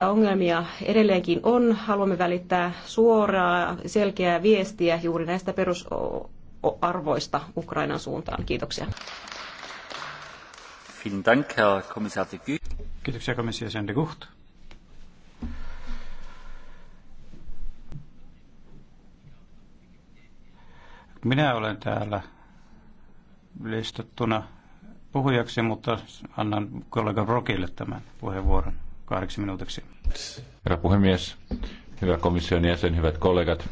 Ongelmia edelleenkin on. Haluamme välittää suoraa, selkeää viestiä juuri näistä perusarvoista Ukrainan suuntaan. Kiitoksia. Kiitoksia komissio de Gucht. Minä olen täällä listattuna puhujaksi, mutta annan kollega Brokille tämän puheenvuoron kahdeksi minuutiksi. Herra puhemies, hyvä komission jäsen, hyvät kollegat.